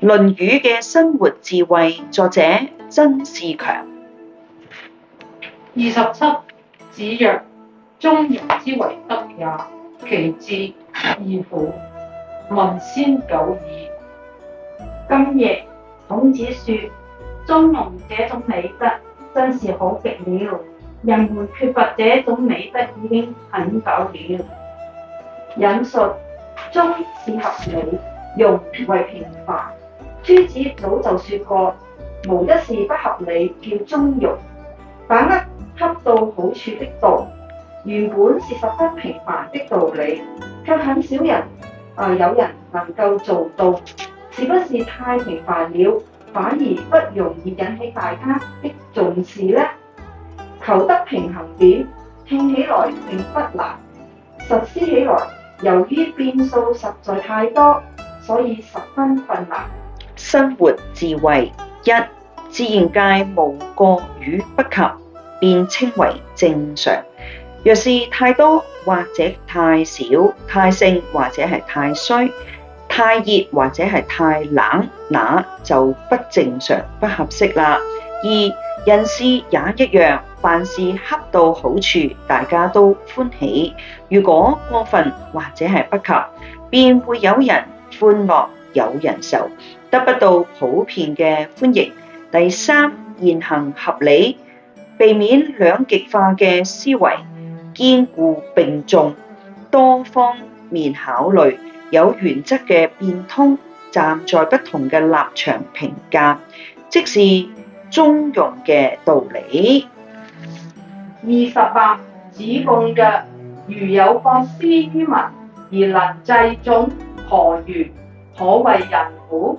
《論語》嘅生活智慧，作者曾仕強。二十七子曰：中庸之為德也，其志二乎？文先久矣。今日孔子説：中庸這種美德真是好極了，人們缺乏這種美德已經很久了。引述：中是合理，庸為平凡。朱子早就說過，無一事不合理叫中庸，把握恰到好處的度，原本是十分平凡的道理，卻很少人啊、呃、有人能夠做到。是不是太平凡了，反而不容易引起大家的重視呢？求得平衡點，聽起來並不難，實施起來，由於變數實在太多，所以十分困難。生活智慧一，自然界無過與不及，便稱為正常。若是太多或者太少、太盛或者係太衰、太熱或者係太冷，那就不正常、不合適啦。二，人事也一樣，凡事恰到好處，大家都歡喜。如果過分或者係不及，便會有人歡樂，有人愁。得不到普遍嘅歡迎。第三，言行合理，避免兩極化嘅思維，兼顧並重，多方面考慮，有原則嘅變通，站在不同嘅立場評價，即是中庸嘅道理。二十八，子貢曰：如有博施於民而能濟眾，何如？可謂仁乎？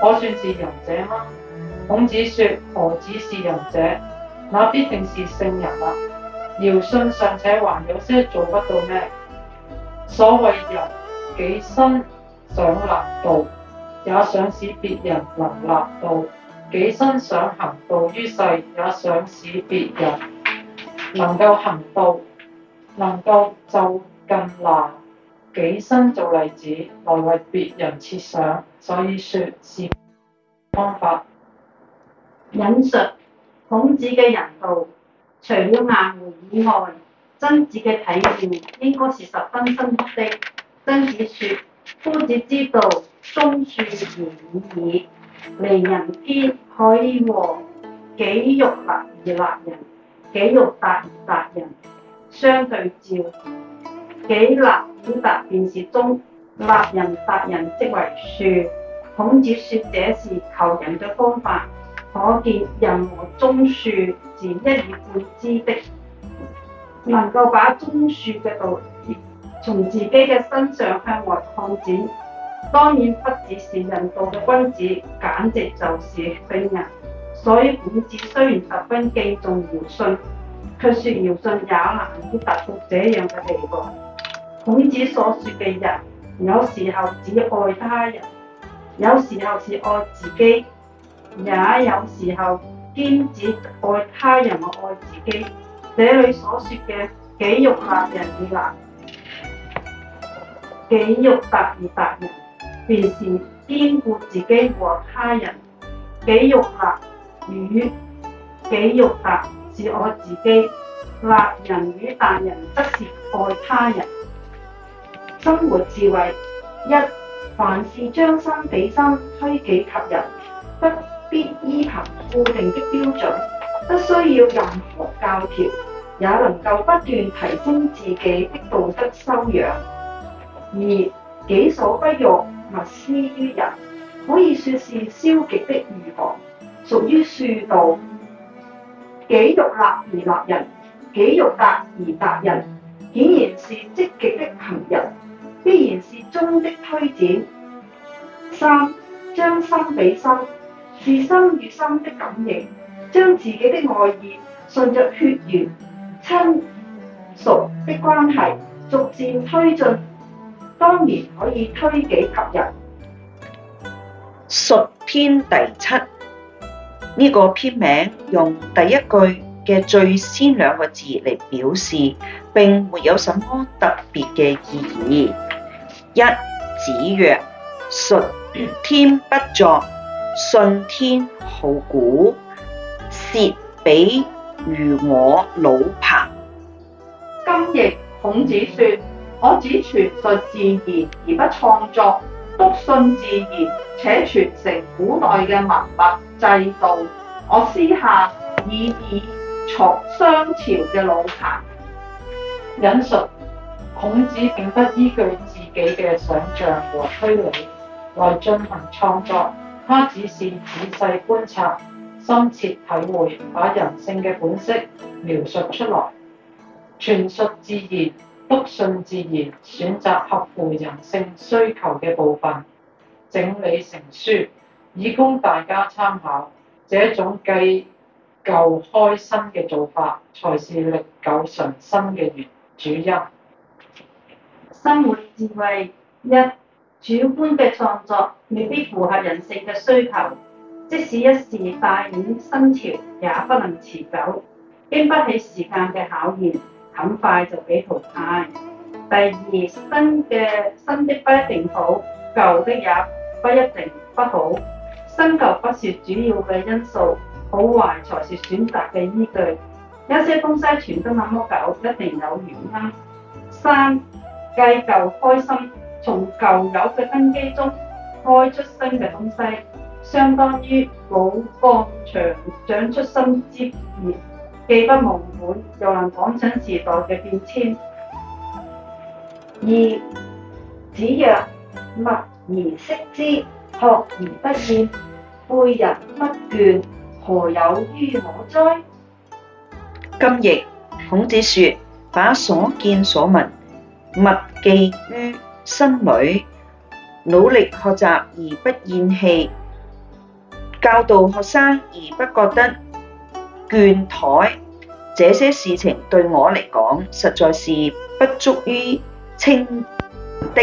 可算是仁者嗎？孔子說何止是仁者，那必定是聖人啦、啊。堯舜尚且還有些做不到咩？所謂仁，己身想立道，也想使別人能立道；己身想行道於世，也想使別人能夠行道。能夠就更難，己身做例子來為別人設想。所以說是方法引述孔子嘅仁道，除了顏回以外，曾子嘅體悟應該是十分深刻的。曾子說：夫子之道，忠恕而已矣。離人天可以和己欲立而立人，己欲達而達人相對照，己立己達便是忠。立人達人，達人即為恕。孔子說這是求人嘅方法，可見人和忠恕是一以貫之的。能夠把忠恕嘅道理從自己嘅身上向外擴展，當然不只是仁道嘅君子，簡直就是聖人。所以孔子雖然十分敬重堯舜，卻説堯舜也難以達到這樣嘅地步。孔子所説嘅人。有時候只愛他人，有時候是愛自己，也有時候兼指愛他人同愛自己。這裡所說嘅己欲立而立人，己欲達而達人，便是兼顧自己和他人。己欲立與己欲達是愛自己，立人與達人則是愛他人。生活智慧一，凡事將心比心，推己及人，不必依憑固定的標準，不需要任何教條，也能夠不斷提升自己的道德修養。二，己所不欲，勿施於人，可以說是消極的預防，屬於恕道。己欲立而立人，己欲達而達人，顯然是積極的行仁。必然是中的推展。三，將心比心，是心與心的感應，將自己的愛意順着血緣親屬的關係逐漸推進，當然可以推己及人。《述而》第七呢、這個篇名用第一句嘅最先兩個字嚟表示，並沒有什麼特別嘅意義。一子曰：述天不作，信天好古，竊比如我老彭。今譯孔子說，我只傳述自然而不創作，篤信自然，且傳承古代嘅文物制度。我私下以以從商朝嘅老彭引述。孔子並不依據。自己嘅想像和推理來進行創作，他只是仔細觀察、深切體會，把人性嘅本色描述出來，傳述自然、篤信自然，選擇合乎人性需求嘅部分，整理成書，以供大家參考。這種繼舊開新嘅做法，才是歷久常新嘅原主因。生活智慧一，主觀嘅創作未必符合人性嘅需求，即使一時帶起新潮，也不能持久，經不起時間嘅考驗，很快就被淘汰。第二，新嘅新的不一定好，舊的也不一定不好，新舊不是主要嘅因素，好壞才是選擇嘅依據。有些東西存得那麼久，一定有原因、啊。三繼舊開新，從舊有嘅根基中開出新嘅東西，相當於老幹長長出新枝葉，既不忘本，又能趕上時代嘅變遷。二子曰：默而識之，學而不厭，誨人不倦，何有於我哉？今譯孔子說：把所見所聞。默記於心裏，努力學習而不厭棄，教導學生而不覺得倦怠，這些事情對我嚟講，實在是不足於稱的。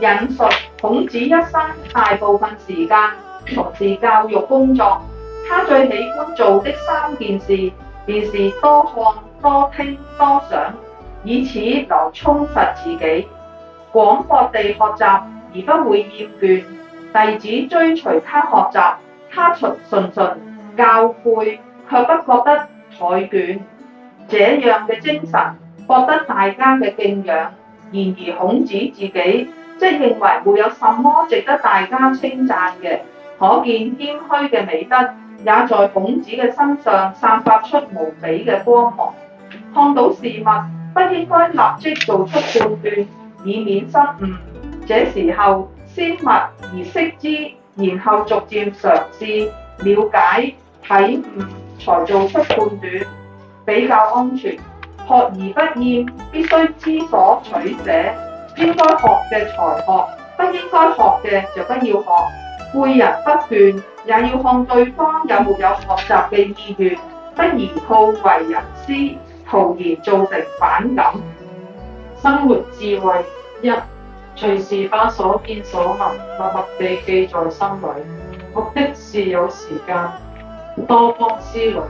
引述孔子一生大部分時間從事教育工作，他最喜歡做的三件事，便是多看、多聽、多想。以此來充實自己，廣博地學習而不會厭倦。弟子追隨他學習，他從諄諄教誨卻不覺得怠倦。這樣嘅精神獲得大家嘅敬仰。然而孔子自己即認為沒有什麼值得大家稱讚嘅，可見謙虛嘅美德也在孔子嘅身上散發出無比嘅光芒。看到事物，不應該立即做出判斷，以免失誤。這時候先默而識之，然後逐漸嘗試了解體悟，才做出判斷，比較安全。學而不厭，必須知所取捨。應該學嘅才學，不應該學嘅就不要學。誨人不倦，也要看對方有沒有學習嘅意願，不宜好為人師。從而造成反感。生活智慧一，隨時把所見所聞默默地記在心裡，目的是有時間多方思慮，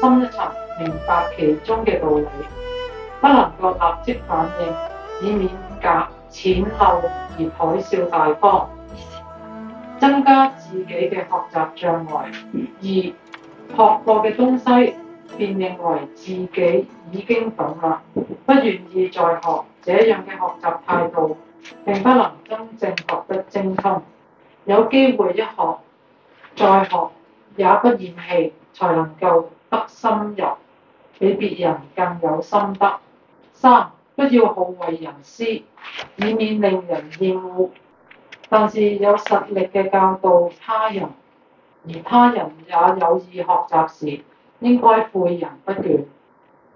深一層明白其中嘅道理，不能夠立即反應，以免隔淺陋而貽笑大方，增加自己嘅學習障礙。二，學過嘅東西，便認為自己已經懂啦，不願意再學。這樣嘅學習態度並不能真正學得精通。有機會一學再學，也不厭棄，才能夠得深入，比別人更有心得。三，不要好為人師，以免令人厭惡。但是有實力嘅教導他人，而他人也有意學習時，應該誨人不倦，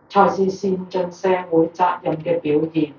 才是善盡社會責任嘅表現。